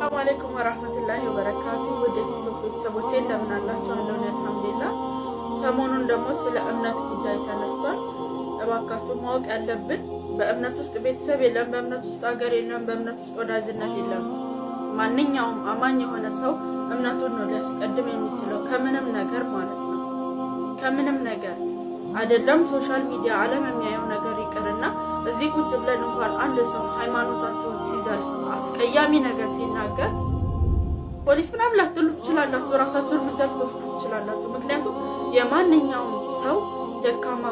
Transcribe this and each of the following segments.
ሰላም አለይኩም ወራህመቱላሂ ወበረካቱ። ወደ ቲክቶክ ቤተሰቦቼ እንደምን አላችሁ? አለሁን አልሐምዱሊላህ። ሰሞኑን ደግሞ ስለ እምነት ጉዳይ ተነስቷል። እባካችሁ ማወቅ ያለብን በእምነት ውስጥ ቤተሰብ የለም፣ በእምነት ውስጥ ሀገር የለም፣ በእምነት ውስጥ ወዳጅነት የለም። ማንኛውም አማኝ የሆነ ሰው እምነቱን ነው ሊያስቀድም የሚችለው ከምንም ነገር ማለት ነው። ከምንም ነገር አይደለም ሶሻል ሚዲያ ዓለም የሚያየው ነገር ይቅርና እዚህ ቁጭ ብለን እንኳን አንድ ሰው ሃይማኖታቸውን ሲዘልፍ አስቀያሚ ነገር ሲናገር ፖሊስ ምናምን ላትሉ ትችላላችሁ፣ እራሳችሁ እርምጃ ልትወስዱ ትችላላችሁ። ምክንያቱም የማንኛውም ሰው ደካማ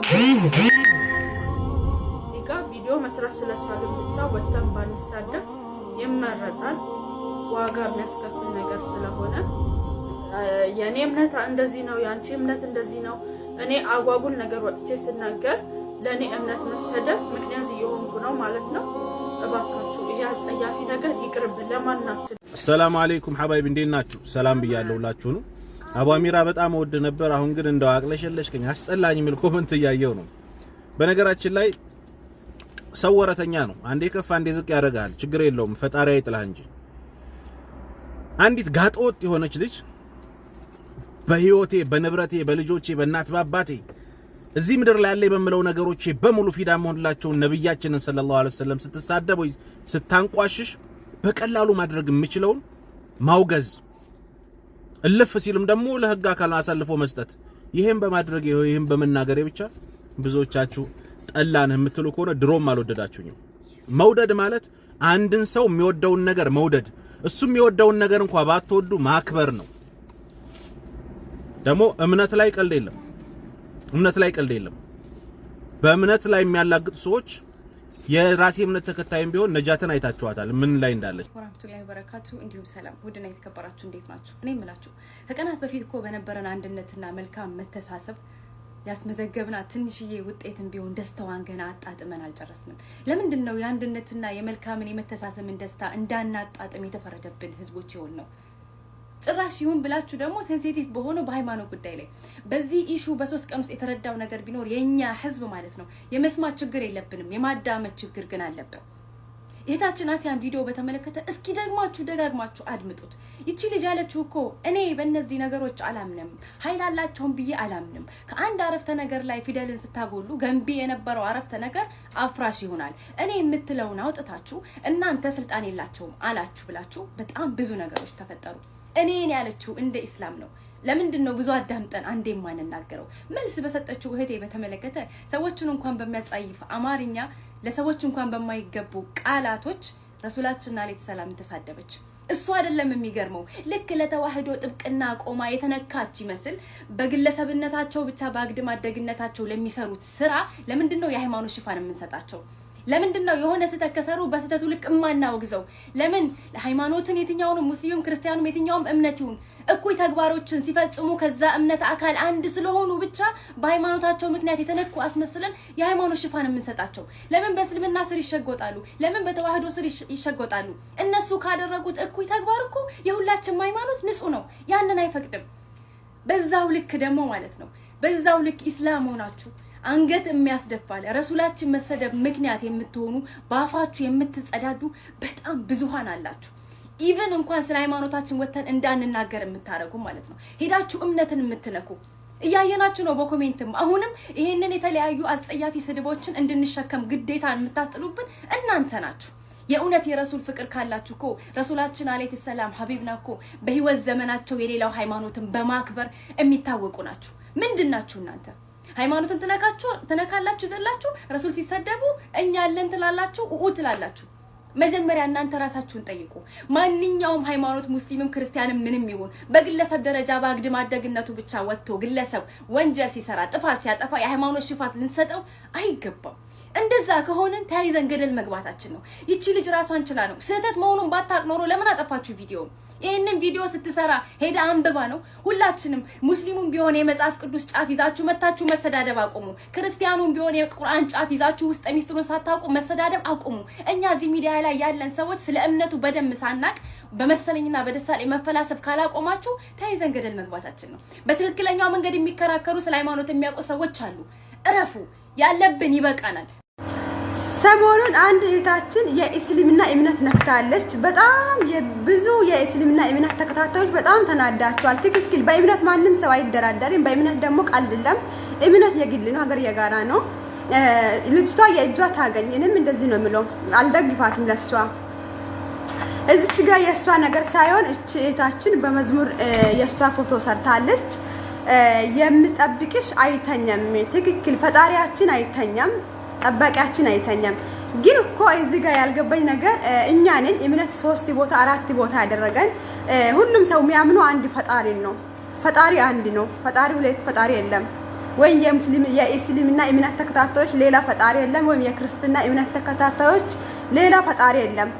እዚህ ጋር ቪዲዮ መስራት ስለቻለን ብቻ ወተን ባንሳደብ ይመረጣል። ዋጋ የሚያስከፍል ነገር ስለሆነ የእኔ እምነት እንደዚህ ነው፣ የአንቺ እምነት እንደዚህ ነው። እኔ አጓጉል ነገር ወጥቼ ስናገር ለእኔ እምነት መሰደብ ምክንያት እየሆንኩ ነው ማለት ነው። እባካችሁ ይሄ አጸያፊ ነገር ይቅርብን። ለማናችን ሰላም አሌይኩም ሀባይብ፣ እንዴት ናችሁ? ሰላም ብያለሁላችሁ ነው። አቧሚራ በጣም ወድ ነበር። አሁን ግን እንደው አቅለሸለሽከኝ፣ አስጠላኝ የሚል ኮመንት እያየው ነው። በነገራችን ላይ ሰው ወረተኛ ነው። አንዴ ከፍ አንዴ ዝቅ ያደርጋል። ችግር የለውም ፈጣሪ አይጥላህ እንጂ። አንዲት ጋጠወጥ የሆነች ልጅ በህይወቴ፣ በንብረቴ፣ በልጆቼ፣ በእናት ባባቴ እዚህ ምድር ላይ ያለ በምለው ነገሮች በሙሉ ፊዳ መሆንላቸው ነብያችንን ሰለላሁ ዐለይሂ ወሰለም ስትሳደብ ወይ ስታንቋሽሽ በቀላሉ ማድረግ የምችለውን ማውገዝ፣ እልፍ ሲልም ደግሞ ለህግ አካል አሳልፎ መስጠት። ይህም በማድረግ ይሄን በመናገሬ ብቻ ብዙዎቻችሁ ጠላን የምትሉ ከሆነ ድሮም አልወደዳችሁኝም። መውደድ ማለት አንድን ሰው የሚወደውን ነገር መውደድ፣ እሱ የሚወደውን ነገር እንኳ ባትወዱ ማክበር ነው። ደግሞ እምነት ላይ ቀልድ የለም። እምነት ላይ ቀልድ የለም። በእምነት ላይ የሚያላግጡ ሰዎች የራሴ እምነት ተከታይም ቢሆን ነጃትን አይታችኋታል፣ ምን ላይ እንዳለች። ወራህመቱላሂ ወበረካቱ እንዲሁም ሰላም ውድና የተከበራችሁ እንዴት ናችሁ? እኔ የምላችሁ ከቀናት በፊት እኮ በነበረን አንድነትና መልካም መተሳሰብ ያስመዘገብና ትንሽዬ ውጤትን ቢሆን ደስታዋን ገና አጣጥመን አልጨረስንም። ለምንድን ነው የአንድነትና የመልካምን የመተሳሰብን ደስታ እንዳናጣጥም የተፈረደብን ህዝቦች ይሆን ነው? ጭራሽ ይሁን ብላችሁ ደግሞ ሴንሲቲቭ በሆነው በሃይማኖት ጉዳይ ላይ በዚህ ኢሹ በሶስት ቀን ውስጥ የተረዳው ነገር ቢኖር የእኛ ህዝብ ማለት ነው የመስማት ችግር የለብንም፣ የማዳመጥ ችግር ግን አለብን። እህታችን አሲያን ቪዲዮ በተመለከተ እስኪ ደግማችሁ ደጋግማችሁ አድምጡት። ይቺ ልጅ ያለችው እኮ እኔ በእነዚህ ነገሮች አላምንም፣ ኃይል አላቸውም ብዬ አላምንም። ከአንድ አረፍተ ነገር ላይ ፊደልን ስታጎሉ ገንቢ የነበረው አረፍተ ነገር አፍራሽ ይሆናል። እኔ የምትለውን አውጥታችሁ እናንተ ስልጣን የላቸውም አላችሁ ብላችሁ በጣም ብዙ ነገሮች ተፈጠሩ። እኔን ያለችው እንደ ኢስላም ነው። ለምንድን ነው ብዙ አዳምጠን አንዴ የማንናገረው? መልስ በሰጠችው እህቴ በተመለከተ ሰዎችን እንኳን በሚያጻይፍ አማርኛ ለሰዎች እንኳን በማይገቡ ቃላቶች ረሱላችን አለይሂ ሰላም ተሳደበች። እሱ አይደለም የሚገርመው፣ ልክ ለተዋህዶ ጥብቅና ቆማ የተነካች ይመስል በግለሰብነታቸው ብቻ በአግድማደግነታቸው ለሚሰሩት ስራ ለምንድን ነው የሃይማኖት ሽፋን የምንሰጣቸው? ለምንድን ነው የሆነ ስህተት ከሰሩ በስህተቱ ልክ እማናወግዘው? ለምን ሃይማኖትን የትኛውንም ሙስሊም ክርስቲያኑም የትኛውም እምነት ይሁን እኩይ ተግባሮችን ሲፈጽሙ ከዛ እምነት አካል አንድ ስለሆኑ ብቻ በሃይማኖታቸው ምክንያት የተነኩ አስመስለን የሃይማኖት ሽፋን የምንሰጣቸው ለምን? በእስልምና ስር ይሸጎጣሉ፣ ለምን በተዋህዶ ስር ይሸጎጣሉ? እነሱ ካደረጉት እኩይ ተግባር እኮ የሁላችንም ሃይማኖት ንጹህ ነው፣ ያንን አይፈቅድም። በዛው ልክ ደግሞ ማለት ነው በዛው ልክ ኢስላም ሆናችሁ አንገት የሚያስደፋል ረሱላችን መሰደብ ምክንያት የምትሆኑ በአፋችሁ የምትጸዳዱ በጣም ብዙሃን አላችሁ። ኢቨን እንኳን ስለ ሃይማኖታችን ወጥተን እንዳንናገር የምታደርጉ ማለት ነው። ሄዳችሁ እምነትን የምትነኩ እያየናችሁ ነው። በኮሜንትም አሁንም ይሄንን የተለያዩ አስጸያፊ ስድቦችን እንድንሸከም ግዴታ የምታስጥሉብን እናንተ ናችሁ። የእውነት የረሱል ፍቅር ካላችሁ እኮ ረሱላችን አለይሂ ሰላም ሀቢብና እኮ በህይወት ዘመናቸው የሌላው ሃይማኖትን በማክበር የሚታወቁ ናችሁ። ምንድን ናችሁ እናንተ? ሃይማኖትን ትነካችሁ ትነካላችሁ ዘላችሁ ረሱል ሲሰደቡ እኛ ያለን ትላላችሁ ኡ ትላላችሁ። መጀመሪያ እናንተ ራሳችሁን ጠይቁ። ማንኛውም ሃይማኖት ሙስሊምም ክርስቲያንም ምንም ይሁን በግለሰብ ደረጃ በአግድ ማደግነቱ ብቻ ወጥቶ ግለሰብ ወንጀል ሲሰራ ጥፋት ሲያጠፋ የሃይማኖት ሽፋት ልንሰጠው አይገባም። እንደዛ ከሆነን ተያይዘን ገደል መግባታችን ነው። ይቺ ልጅ ራሷን ችላ ነው። ስህተት መሆኑን ባታቅ ኖሮ ለምን አጠፋችሁ ቪዲዮ? ይህንን ቪዲዮ ስትሰራ ሄደ አንብባ ነው። ሁላችንም ሙስሊሙም ቢሆን የመጽሐፍ ቅዱስ ጫፍ ይዛችሁ መታችሁ መሰዳደብ አቁሙ። ክርስቲያኑም ቢሆን የቁርአን ጫፍ ይዛችሁ ውስጥ ሚስጥሩን ሳታውቁ መሰዳደብ አቁሙ። እኛ እዚህ ሚዲያ ላይ ያለን ሰዎች ስለ እምነቱ በደንብ ሳናቅ በመሰለኝና በደሳሌ መፈላሰብ ካላቆማችሁ ተያይዘን ገደል መግባታችን ነው። በትክክለኛው መንገድ የሚከራከሩ ስለ ሃይማኖት የሚያውቁ ሰዎች አሉ። እረፉ። ያለብን ይበቃናል። ሰሞኑን አንድ እህታችን የእስልምና እምነት ነክታለች። በጣም ብዙ የእስልምና እምነት ተከታታዮች በጣም ተናዳቸዋል። ትክክል፣ በእምነት ማንም ሰው አይደራደርም። በእምነት ደግሞ ቀልድ እምነት የግል ነው፣ ሀገር የጋራ ነው። ልጅቷ የእጇ ታገኝ። እኔም እንደዚህ ነው የምለው፣ አልደግፋትም ለሷ። እዚች ጋር የእሷ ነገር ሳይሆን እች እህታችን በመዝሙር የእሷ ፎቶ ሰርታለች። የምጠብቅሽ አይተኛም። ትክክል ፈጣሪያችን አይተኛም፣ ጠባቂያችን አይተኛም። ግን እኮ እዚህ ጋር ያልገባኝ ነገር እኛ ነን እምነት ሶስት ቦታ አራት ቦታ ያደረገን። ሁሉም ሰው የሚያምኑ አንድ ፈጣሪ ነው። ፈጣሪ አንድ ነው። ፈጣሪ ሁለት ፈጣሪ የለም። ወይም የእስልምና እምነት ተከታታዮች ሌላ ፈጣሪ የለም፣ ወይም የክርስትና እምነት ተከታታዮች ሌላ ፈጣሪ የለም።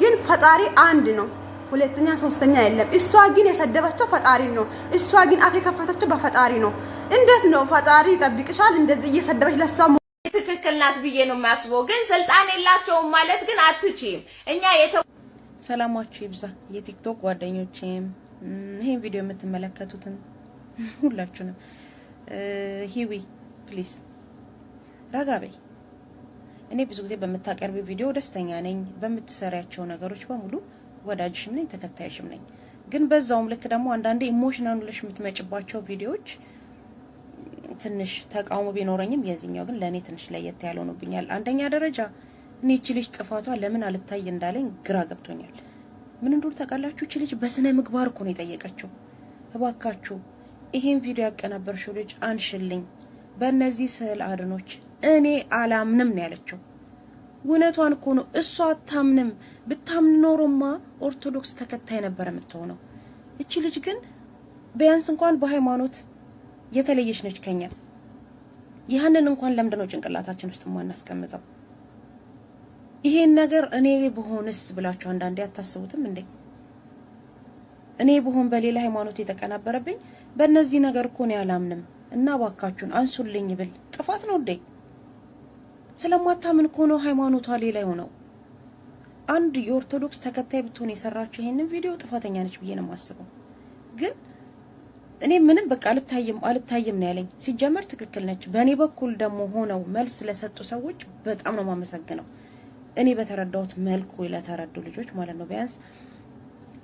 ግን ፈጣሪ አንድ ነው። ሁለተኛ ሶስተኛ የለም። እሷ ግን የሰደበቸው ፈጣሪ ነው። እሷ ግን አፍ የከፈተችው በፈጣሪ ነው። እንዴት ነው ፈጣሪ ይጠብቅሻል እንደዚህ እየሰደበች ለሷ ትክክል ናት ብዬ ነው የሚያስበው ግን ስልጣን የላቸውም ማለት ግን አትችይም። እኛ የተ ሰላማችሁ ይብዛ የቲክቶክ ጓደኞቼም ይህን ቪዲዮ የምትመለከቱትን ሁላችሁንም ሂዊ ፕሊስ ረጋ በይ። እኔ ብዙ ጊዜ በምታቀርቢ ቪዲዮ ደስተኛ ነኝ። በምትሰሪያቸው ነገሮች በሙሉ ወዳጅሽም ነኝ ተከታይሽም ነኝ። ግን በዛውም ልክ ደግሞ አንዳንዴ ኢሞሽናል ልሽ የምትመጭባቸው ቪዲዮዎች ትንሽ ተቃውሞ ቢኖረኝም የዚህኛው ግን ለእኔ ትንሽ ለየት ያለ ሆኖብኛል። አንደኛ ደረጃ እኔ እቺ ልጅ ጥፋቷ ለምን አልታይ እንዳለኝ ግራ ገብቶኛል። ምን እንደሆነ ታውቃላችሁ? እቺ ልጅ በስነ ምግባር እኮ ነው የጠየቀችው። እባካችሁ ይሄን ቪዲዮ ያቀናበርሽው ልጅ አንሽልኝ፣ በእነዚህ ስዕል አድኖች እኔ አላምንም ነው ያለችው። እውነቷን እኮ ነው። እሷ አታምንም። ብታምን ኖሮማ ኦርቶዶክስ ተከታይ ነበር የምትሆነው። እቺ ልጅ ግን ቢያንስ እንኳን በሃይማኖት የተለየች ነች ከኛ። ይህንን እንኳን ለምንድነው ጭንቅላታችን ውስጥ ማናስቀምጠው? ይሄን ነገር እኔ ብሆንስ ብላችሁ አንዳንዴ አታስቡትም እንዴ? እኔ ብሆን በሌላ ሃይማኖት የተቀናበረብኝ በእነዚህ ነገር እኮ እኔ አላምንም እና ባካችሁን አንሱልኝ ብል ጥፋት ነው እንዴ? ስለማታምን እኮ ነው ሃይማኖቷ ሌላ የሆነው። አንድ የኦርቶዶክስ ተከታይ ብትሆን የሰራችው ይሄንን ቪዲዮ ጥፋተኛ ነች ብዬ ነው የማስበው። ግን እኔ ምንም በቃ አልታይም አልታይም ነው ያለኝ። ሲጀመር ትክክል ነች። በእኔ በኩል ደግሞ ሆነው መልስ ለሰጡ ሰዎች በጣም ነው የማመሰግነው። እኔ በተረዳሁት መልኩ ለተረዱ ልጆች ማለት ነው። ቢያንስ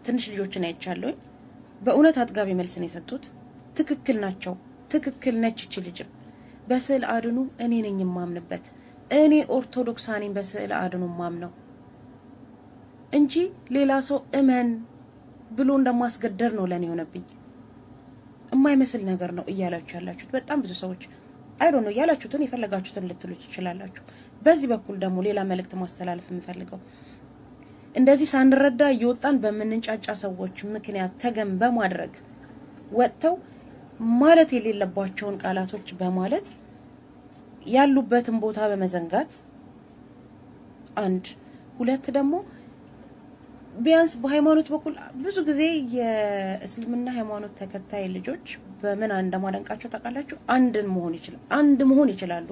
ትንሽ ልጆችን አይቻለሁኝ። በእውነት አጥጋቢ መልስ ነው የሰጡት። ትክክል ናቸው። ትክክል ነች። ይች ልጅም በስዕል አድኑ እኔ ነኝ የማምንበት እኔ ኦርቶዶክሳኒን በስዕል አድኖ ማምነው እንጂ ሌላ ሰው እመን ብሎ እንደማስገደር ነው ለእኔ የሆነብኝ። የማይመስል ነገር ነው እያላችሁ ያላችሁት በጣም ብዙ ሰዎች አይዶ ነው እያላችሁትን የፈለጋችሁትን ልትሉ ትችላላችሁ። በዚህ በኩል ደግሞ ሌላ መልእክት ማስተላለፍ የምፈልገው እንደዚህ ሳንረዳ እየወጣን በምንንጫጫ ሰዎች ምክንያት ተገን በማድረግ ወጥተው ማለት የሌለባቸውን ቃላቶች በማለት ያሉበትን ቦታ በመዘንጋት አንድ ሁለት ደግሞ ቢያንስ በሃይማኖት በኩል ብዙ ጊዜ የእስልምና ሃይማኖት ተከታይ ልጆች በምን እንደማደንቃቸው ታውቃላችሁ? አንድን መሆን ይችላል አንድ መሆን ይችላሉ።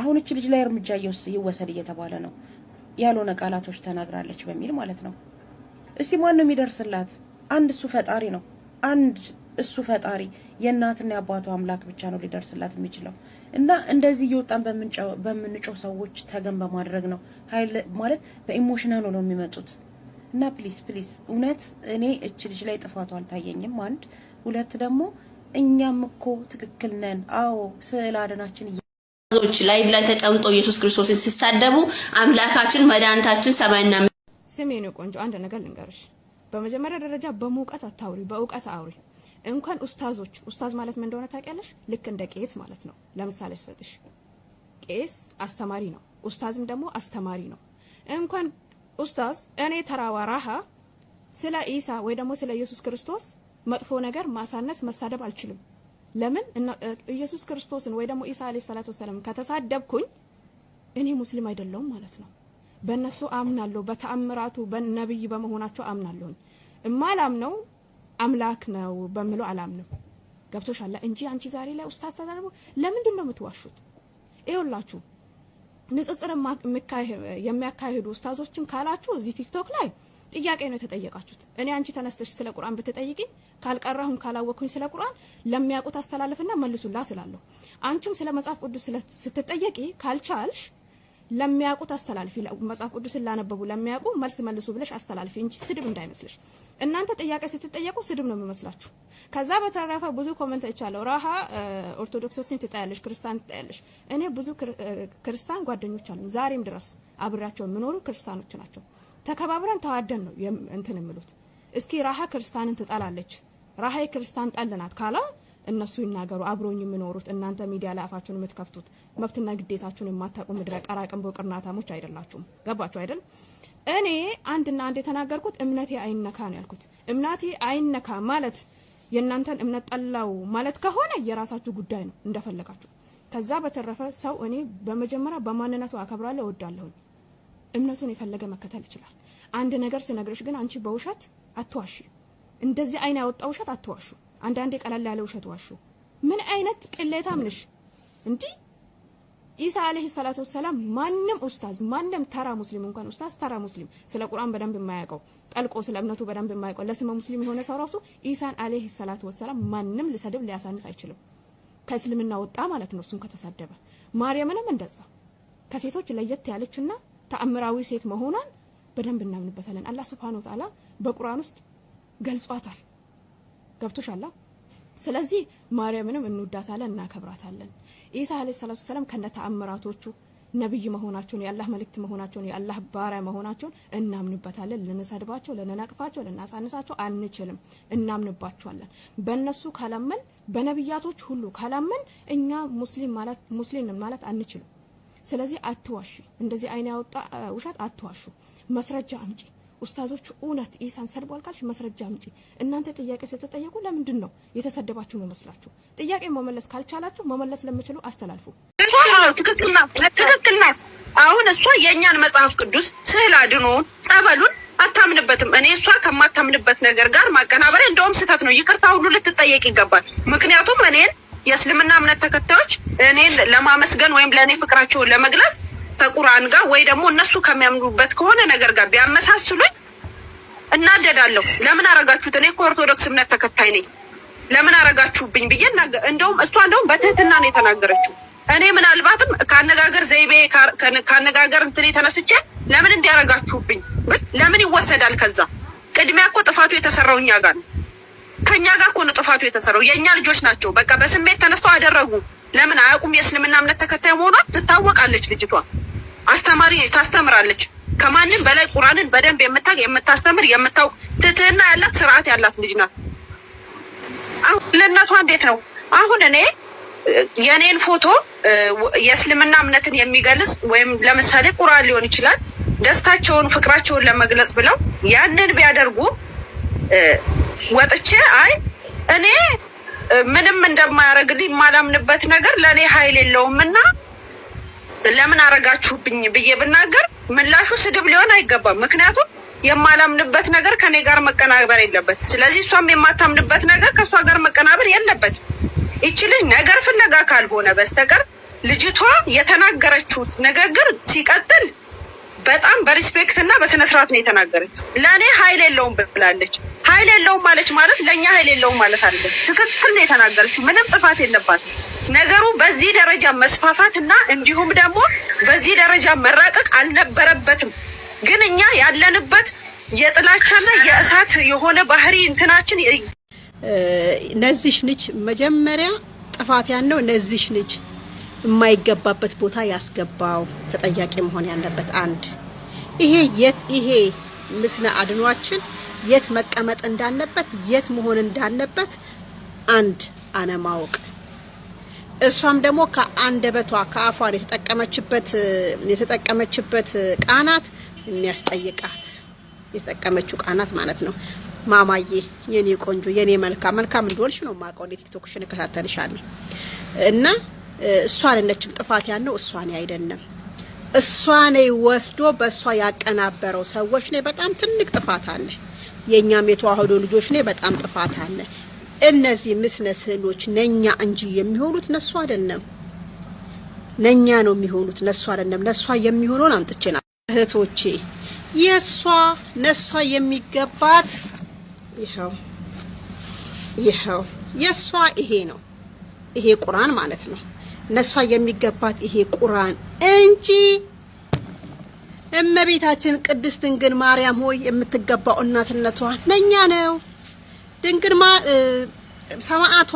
አሁን እች ልጅ ላይ እርምጃ ይወሰድ እየተባለ ነው። ያልሆነ ቃላቶች ተናግራለች በሚል ማለት ነው። እስቲ ማን ነው የሚደርስላት? አንድ እሱ ፈጣሪ ነው። አንድ እሱ ፈጣሪ የእናትና የአባቱ አምላክ ብቻ ነው ሊደርስላት የሚችለው። እና እንደዚህ እየወጣን በምንጮህ ሰዎች ተገን በማድረግ ነው ኃይል ማለት በኢሞሽናል ሆነው የሚመጡት። እና ፕሊስ ፕሊስ እውነት እኔ እች ልጅ ላይ ጥፋቱ አልታየኝም። አንድ ሁለት ደግሞ እኛም እኮ ትክክል ነን። አዎ ስዕል አድናችን ች ላይቭ ላይ ተቀምጦ ኢየሱስ ክርስቶስን ሲሳደቡ አምላካችን መድኃኒታችን ሰማይና ስሜ ቆንጆ አንድ ነገር ልንገርሽ። በመጀመሪያ ደረጃ በሙቀት አታውሪ፣ በእውቀት አውሪ። እንኳን ኡስታዞች ኡስታዝ ማለት ምን እንደሆነ ታውቂያለሽ? ልክ እንደ ቄስ ማለት ነው። ለምሳሌ ሰጥሽ ቄስ አስተማሪ ነው፣ ኡስታዝም ደግሞ አስተማሪ ነው። እንኳን ኡስታዝ እኔ ተራዋ ራሃ ስለ ኢሳ ወይ ደግሞ ስለ ኢየሱስ ክርስቶስ መጥፎ ነገር ማሳነስ መሳደብ አልችልም። ለምን ኢየሱስ ክርስቶስን ወይ ደግሞ ኢሳ አለይሂ ሰላቱ ወሰለም ከተሳደብኩኝ እኔ ሙስሊም አይደለሁም ማለት ነው። በእነሱ አምናለሁ፣ በተአምራቱ በነብይ በመሆናቸው አምናለሁኝ። እማላምነው አምላክ ነው በምለው አላምንም። ገብቶሻል እንጂ አንቺ ዛሬ ላይ ኡስታዝ ተዛርቦ ለምንድን ነው የምትዋሹት? ይኸውላችሁ ንጽጽር የሚያካሂዱ ኡስታዞችን ካላችሁ እዚህ ቲክቶክ ላይ ጥያቄ ነው የተጠየቃችሁት። እኔ አንቺ ተነስተሽ ስለ ቁርአን ብትጠይቂኝ ካልቀራሁም ካላወቅኩኝ ስለ ቁርአን ለሚያውቁት አስተላልፍና መልሱላት እላለሁ። አንቺም ስለ መጽሐፍ ቅዱስ ስትጠየቂ ካልቻልሽ ለሚያውቁት አስተላልፊ። መጽሐፍ ቅዱስን ላነበቡ ለሚያውቁ መልስ መልሱ ብለሽ አስተላልፊ እንጂ ስድብ እንዳይመስልሽ። እናንተ ጥያቄ ስትጠየቁ ስድብ ነው የሚመስላችሁ። ከዛ በተረፈ ብዙ ኮመንት አይቻለሁ። ራሃ ኦርቶዶክሶችን ትጣያለሽ፣ ክርስቲያን ትጣያለሽ። እኔ ብዙ ክርስቲያን ጓደኞች አሉ፣ ዛሬም ድረስ አብሬያቸው የሚኖሩ ክርስቲያኖች ናቸው። ተከባብረን ተዋደን ነው እንትን የሚሉት። እስኪ ራሃ ክርስቲያንን ትጠላለች። ራሃ የክርስቲያን ጠልናት ካላ እነሱ ይናገሩ አብሮኝ የምኖሩት እናንተ ሚዲያ ላይ አፋችሁን የምትከፍቱት መብትና ግዴታችሁን የማታውቁ ምድረ ቀራቅን ቅርናታሞች አይደላችሁም። ገባችሁ አይደል? እኔ አንድና አንድ የተናገርኩት እምነቴ አይነካ ነው ያልኩት። እምነቴ አይነካ ማለት የእናንተን እምነት ጠላው ማለት ከሆነ የራሳችሁ ጉዳይ ነው፣ እንደፈለጋችሁ። ከዛ በተረፈ ሰው እኔ በመጀመሪያ በማንነቱ አከብራለሁ፣ እወዳለሁኝ። እምነቱን የፈለገ መከተል ይችላል። አንድ ነገር ስነግርሽ ግን አንቺ በውሸት አትዋሽ፣ እንደዚህ አይን ያወጣ ውሸት አትዋሹ። አንዳንዴ ቀለል ያለ ውሸት ዋሹ። ምን አይነት ቅሌታም ነሽ እንዲህ ኢሳ አለይሂ ሰላቱ ወሰላም ማንም ኡስታዝ ማንም ተራ ሙስሊም እንኳን ኡስታዝ ተራ ሙስሊም ስለ ቁርአን በደንብ የማያውቀው ጠልቆ ስለ እምነቱ በደንብ የማያውቀው ለስመ ሙስሊም የሆነ ሰው ራሱ ኢሳን አለይሂ ሰላቱ ወሰላም ማንም ሊሰድብ ሊያሳንስ አይችልም። ከእስልምና ወጣ ማለት ነው እሱም ከተሳደበ። ማርያምንም እንደዛ ከሴቶች ለየት ያለችና ተአምራዊ ሴት መሆኗን በደንብ እናምንበታለን። አላህ ሱብሓነሁ ወተዓላ በቁርአን ውስጥ ገልጿታል። ገብቶሻል። ስለዚህ ማርያምንም እንወዳታለን እናከብራታለን። ኢሳ አለይሂ ሰላቱ ሰላም ከነ ተአምራቶቹ ነብይ መሆናቸውን የአላህ መልእክት መሆናቸውን የአላህ ባሪያ መሆናቸውን እናምንበታለን። ልንሰድባቸው፣ ልንነቅፋቸው፣ ልናሳንሳቸው አንችልም። እናምንባቸዋለን። በእነሱ ካላመን በነብያቶች ሁሉ ካላመን እኛ ሙስሊም ማለት ሙስሊም ማለት አንችልም። ስለዚህ አትዋሽ፣ እንደዚህ አይን ያወጣ ውሸት አትዋሹ። መስረጃ አምጪ ኡስታዞቹ እውነት ኢሳን ሰድቧል ካልሽ መስረጃ አምጪ። እናንተ ጥያቄ ስትጠየቁ ለምንድን ነው የተሰደባችሁ የሚመስላችሁ? ጥያቄ መመለስ ካልቻላችሁ መመለስ ለምችሉ አስተላልፉ። ትክክል ናት። አሁን እሷ የእኛን መጽሐፍ ቅዱስ ስዕል አድኖውን ጸበሉን አታምንበትም። እኔ እሷ ከማታምንበት ነገር ጋር ማቀናበሪያ እንደውም ስህተት ነው። ይቅርታ ሁሉ ልትጠየቅ ይገባል። ምክንያቱም እኔን የእስልምና እምነት ተከታዮች እኔን ለማመስገን ወይም ለእኔ ፍቅራቸውን ለመግለጽ ከቁርአን ጋር ወይ ደግሞ እነሱ ከሚያምኑበት ከሆነ ነገር ጋር ቢያመሳስሉኝ እናደዳለሁ። ለምን አረጋችሁት? እኔ እኮ ኦርቶዶክስ እምነት ተከታይ ነኝ፣ ለምን አረጋችሁብኝ ብዬ እንደውም እሷ እንደውም በትህትና ነው የተናገረችው። እኔ ምናልባትም ከአነጋገር ዘይቤ ከአነጋገር እንትን የተነስቼ ለምን እንዲያረጋችሁብኝ ብል ለምን ይወሰዳል? ከዛ ቅድሚያ እኮ ጥፋቱ የተሰራው እኛ ጋር ነው። ከእኛ ጋር እኮ ነው ጥፋቱ የተሰራው። የእኛ ልጆች ናቸው። በቃ በስሜት ተነስተው አደረጉ። ለምን አያውቁም? የእስልምና እምነት ተከታይ መሆኗን ትታወቃለች ልጅቷ። አስተማሪ ታስተምራለች። ከማንም በላይ ቁራንን በደንብ የምታውቅ የምታስተምር፣ የምታውቅ ትትህና ያላት ስርዓት ያላት ልጅ ናት። አሁን ለእናቷ እንዴት ነው አሁን እኔ የእኔን ፎቶ የእስልምና እምነትን የሚገልጽ ወይም ለምሳሌ ቁራን ሊሆን ይችላል ደስታቸውን ፍቅራቸውን ለመግለጽ ብለው ያንን ቢያደርጉ ወጥቼ አይ እኔ ምንም እንደማያደርግልኝ የማላምንበት ነገር ለእኔ ኃይል የለውም እና ለምን አረጋችሁብኝ ብዬ ብናገር ምላሹ ስድብ ሊሆን አይገባም። ምክንያቱም የማላምንበት ነገር ከኔ ጋር መቀናበር የለበት። ስለዚህ እሷም የማታምንበት ነገር ከእሷ ጋር መቀናበር የለበትም። ይቺ ልጅ ነገር ፍለጋ ካልሆነ በስተቀር ልጅቷ የተናገረችው ንግግር ሲቀጥል በጣም በሪስፔክት እና በስነስርዓት ነው የተናገረችው። ለእኔ ኃይል የለውም ብላለች። ኃይል የለውም ማለች ማለት ለእኛ ኃይል የለውም ማለት አለ። ትክክል ነው የተናገረችው። ምንም ጥፋት የለባትም። ነገሩ በዚህ ደረጃ መስፋፋት እና እንዲሁም ደግሞ በዚህ ደረጃ መራቀቅ አልነበረበትም። ግን እኛ ያለንበት የጥላቻና የእሳት የሆነ ባህሪ እንትናችን ነዚሽ ልጅ መጀመሪያ ጥፋት ያነው ነዚሽ ልጅ የማይገባበት ቦታ ያስገባው ተጠያቂ መሆን ያለበት አንድ ይሄ የት ይሄ ምስነ አድኗችን የት መቀመጥ እንዳለበት የት መሆን እንዳለበት አንድ አለማወቅ እሷም ደግሞ ከአንደበቷ ከአፏ የተጠቀመችበት የተጠቀመችበት ቃናት የሚያስጠይቃት የተጠቀመችው ቃናት ማለት ነው። ማማዬ የኔ ቆንጆ የኔ መልካም መልካም እንደሆንሽ ነው የማውቀው። እንደ ቲክቶክሽን እከታተልሻለሁ እና እሷ አይደለችም ጥፋት ያለው እሷ እኔ አይደለም እሷ እኔ ወስዶ በእሷ ያቀናበረው ሰዎች እኔ በጣም ትልቅ ጥፋት አለ። የእኛም የተዋህዶ ልጆች እኔ በጣም ጥፋት አለ። እነዚህ ምስለ ስዕሎች ነኛ እንጂ የሚሆኑት ነሱ አይደለም። ነኛ ነው የሚሆኑት ነሱ አይደለም። ነሷ የሚሆነውን አምጥቼና እህቶቼ የእሷ ነሷ የሚገባት ይኸው ይኸው የእሷ ይሄ ነው። ይሄ ቁራን ማለት ነው። ነሷ የሚገባት ይሄ ቁራን እንጂ እመቤታችን ቅድስት ድንግል ማርያም ሆይ የምትገባው እናትነቷ ነኛ ነው። ድንግል ሰማዕቷ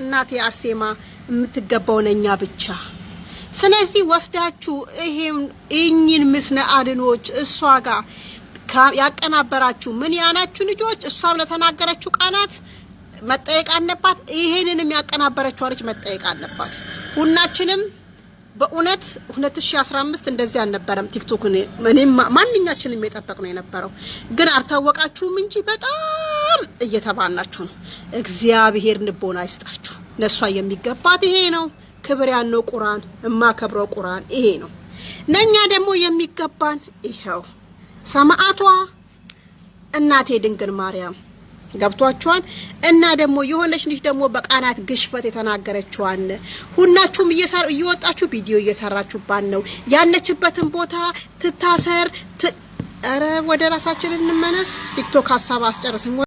እናቴ አርሴማ የምትገባው ለእኛ ብቻ። ስለዚህ ወስዳችሁ ይሄን እኝን ምስነ አድኖች እሷ ጋር ያቀናበራችሁ ምን ያናችሁ ልጆች፣ እሷም ለተናገረችው ቃናት መጠየቅ አለባት። ይሄንንም ያቀናበረችው አለች መጠየቅ አለባት። ሁናችንም በእውነት 2015 እንደዚህ አልነበረም። ቲክቶክን እኔም ማንኛችንም የጠበቅ ነው የነበረው፣ ግን አልታወቃችሁም እንጂ በጣም እየተባናችሁ ነው። እግዚአብሔር ልቦና ይስጣችሁ። ነሷ የሚገባት ይሄ ነው። ክብር ያለው ቁራን እማከብረው ቁራን ይሄ ነው። ነኛ ደግሞ የሚገባን ይኸው ሰማዕቷ እናቴ ድንግል ማርያም ገብቷችኋል። እና ደግሞ የሆነች ልጅ ደግሞ በቃናት ግሽፈት የተናገረችዋን ሁላችሁም እየወጣችሁ ቪዲዮ እየሰራችሁባት ነው። ያነችበትን ቦታ ትታሰር። ኧረ ወደ ራሳችን እንመለስ። ቲክቶክ ሀሳብ አስጨርስም።